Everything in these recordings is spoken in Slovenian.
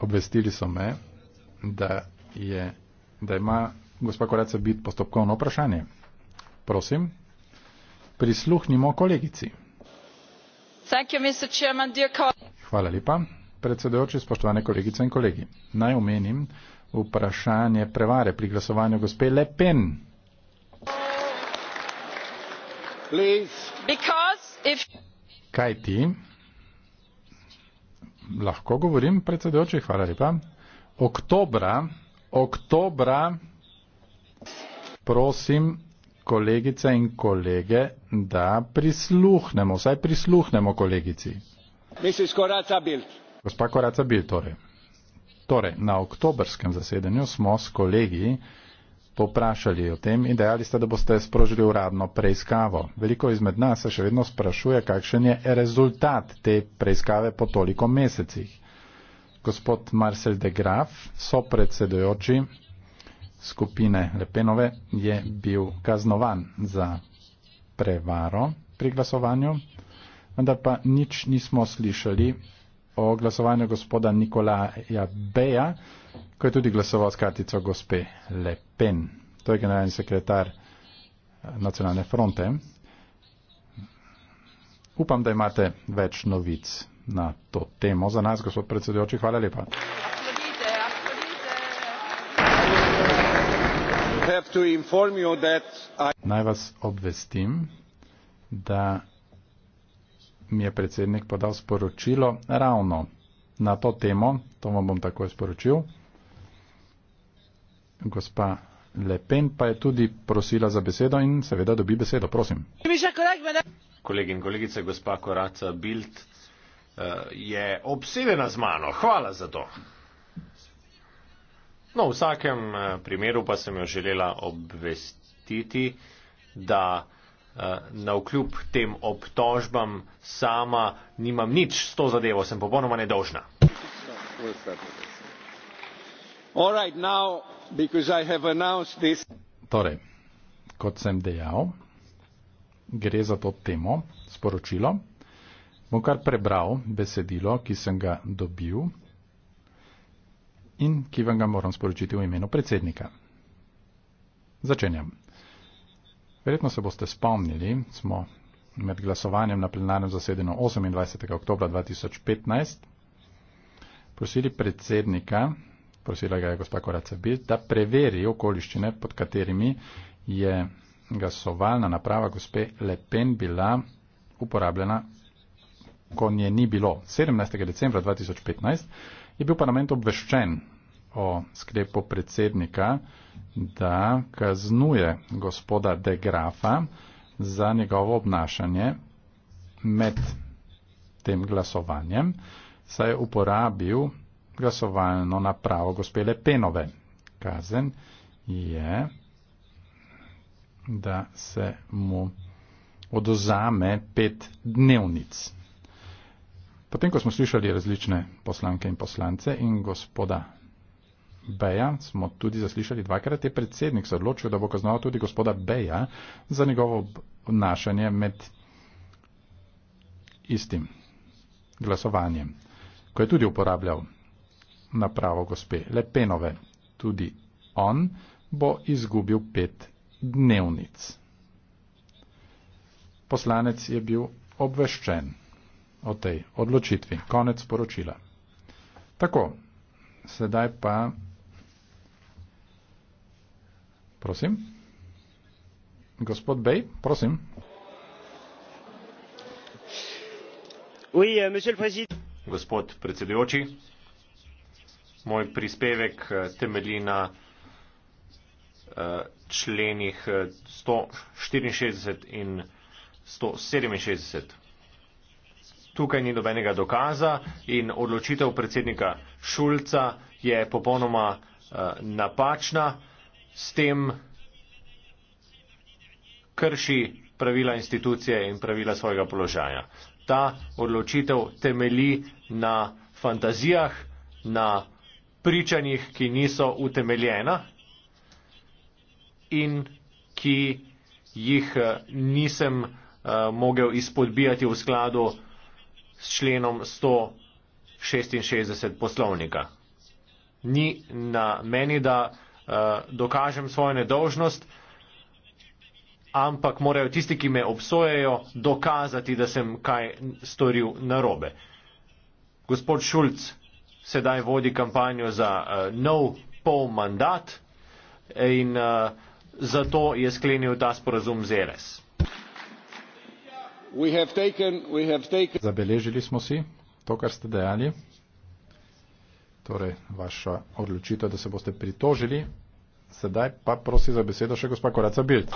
Obvestili so me, da, je, da ima gospa Koraca biti postopkovno vprašanje. Prosim, prisluhnimo kolegici. Hvala lepa, predsedojoči, spoštovane kolegice in kolegi. Naj omenim vprašanje prevare pri glasovanju gospe Le Pen. Kaj ti? lahko govorim, predsedujoči, hvala lepa. Oktobra, oktobra, prosim kolegice in kolege, da prisluhnemo, vsaj prisluhnemo kolegici. Gospa Koraca Bil, torej. Torej, na oktobrskem zasedanju smo s kolegi poprašali o tem in dejali ste, da boste sprožili uradno preiskavo. Veliko izmed nas se še vedno sprašuje, kakšen je rezultat te preiskave po toliko mesecih. Gospod Marcel de Graf, sopredsedujoči skupine Lepenove, je bil kaznovan za prevaro pri glasovanju, vendar pa nič nismo slišali o glasovanju gospoda Nikolaja Beja, ko je tudi glasoval s kartico gospe Le Pen. To je generalni sekretar eh, nacionalne fronte. Upam, da imate več novic na to temo. Za nas, gospod predsedujoči, hvala lepa. Naj vas obvestim, da mi je predsednik podal sporočilo ravno na to temo, to vam bom takoj sporočil. Gospa Lepen pa je tudi prosila za besedo in seveda dobi besedo, prosim. Kolegi in kolegice, gospa Koraca Bild eh, je obsedena z mano, hvala za to. No, v vsakem eh, primeru pa sem jo želela obvestiti, da Eh, na vkljub tem obtožbam sama nimam nič s to zadevo, sem popolnoma nedolžna. Torej, kot sem dejal, gre za to temo, sporočilo. Bom kar prebral besedilo, ki sem ga dobil in ki vam ga moram sporočiti v imenu predsednika. Začenjam. Verjetno se boste spomnili, smo med glasovanjem na plenarnem zasedenju 28. oktobra 2015 prosili predsednika, prosila ga je gospa Koraca Bir, da preveri okoliščine, pod katerimi je glasovalna naprava gospe Le Pen bila uporabljena, ko nje ni bilo. 17. decembra 2015 je bil parlament obveščen o sklepu predsednika da kaznuje gospoda de Grafa za njegovo obnašanje med tem glasovanjem, saj je uporabil glasovalno napravo gospele Penove. Kazen je, da se mu odozame pet dnevnic. Potem, ko smo slišali različne poslanke in poslance in gospoda Beja, smo tudi zaslišali dvakrat, je predsednik se odločil, da bo kaznoval tudi gospoda Beja za njegovo obnašanje med istim glasovanjem, ko je tudi uporabljal napravo gospe Lepenove. Tudi on bo izgubil pet dnevnic. Poslanec je bil obveščen o tej odločitvi. Konec poročila. Tako, sedaj pa. Prosim. Gospod Bej, prosim. Oui, euh, Gospod predsedujoči, moj prispevek eh, temelji na eh, členih 164 eh, in 167. Tukaj ni dobenega dokaza in odločitev predsednika Šulca je popolnoma napačna s tem krši pravila institucije in pravila svojega položaja. Ta odločitev temeli na fantazijah, na pričanjih, ki niso utemeljena in ki jih eh, nisem uh, mogel izpodbijati v skladu s členom 166 poslovnika. Ni na meni, da Eh, dokažem svojo nedolžnost, ampak morajo tisti, ki me obsojejo, dokazati, da sem kaj storil narobe. Gospod Šulc sedaj vodi kampanjo za uh, nov pol mandat in uh, zato je sklenil ta sporazum z RS. Taken, taken... Zabeležili smo si to, kar ste dejali torej vaša odločitev, da se boste pritožili. Sedaj pa prosi za besedo še gospa Koraca Bild.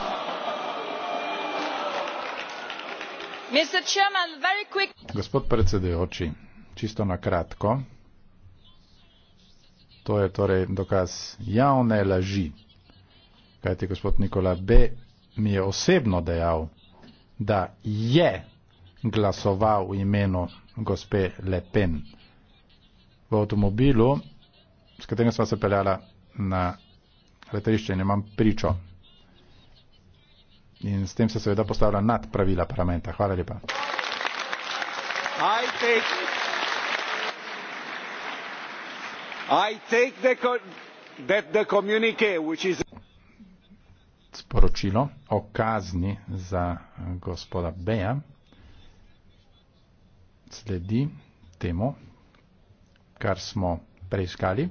Gospod predsedujoči, čisto na kratko, to je torej dokaz javne laži, kajti gospod Nikola B. mi je osebno dejal, da je glasoval v imenu gospe Le Pen v avtomobilu, s katerim sva se peljala na letališče in imam pričo. In s tem se seveda postavlja nad pravila parlamenta. Hvala lepa. I take, I take the, that the communique, which is sporočilo o kazni za gospoda Beja sledi temu, kar smo preiskali.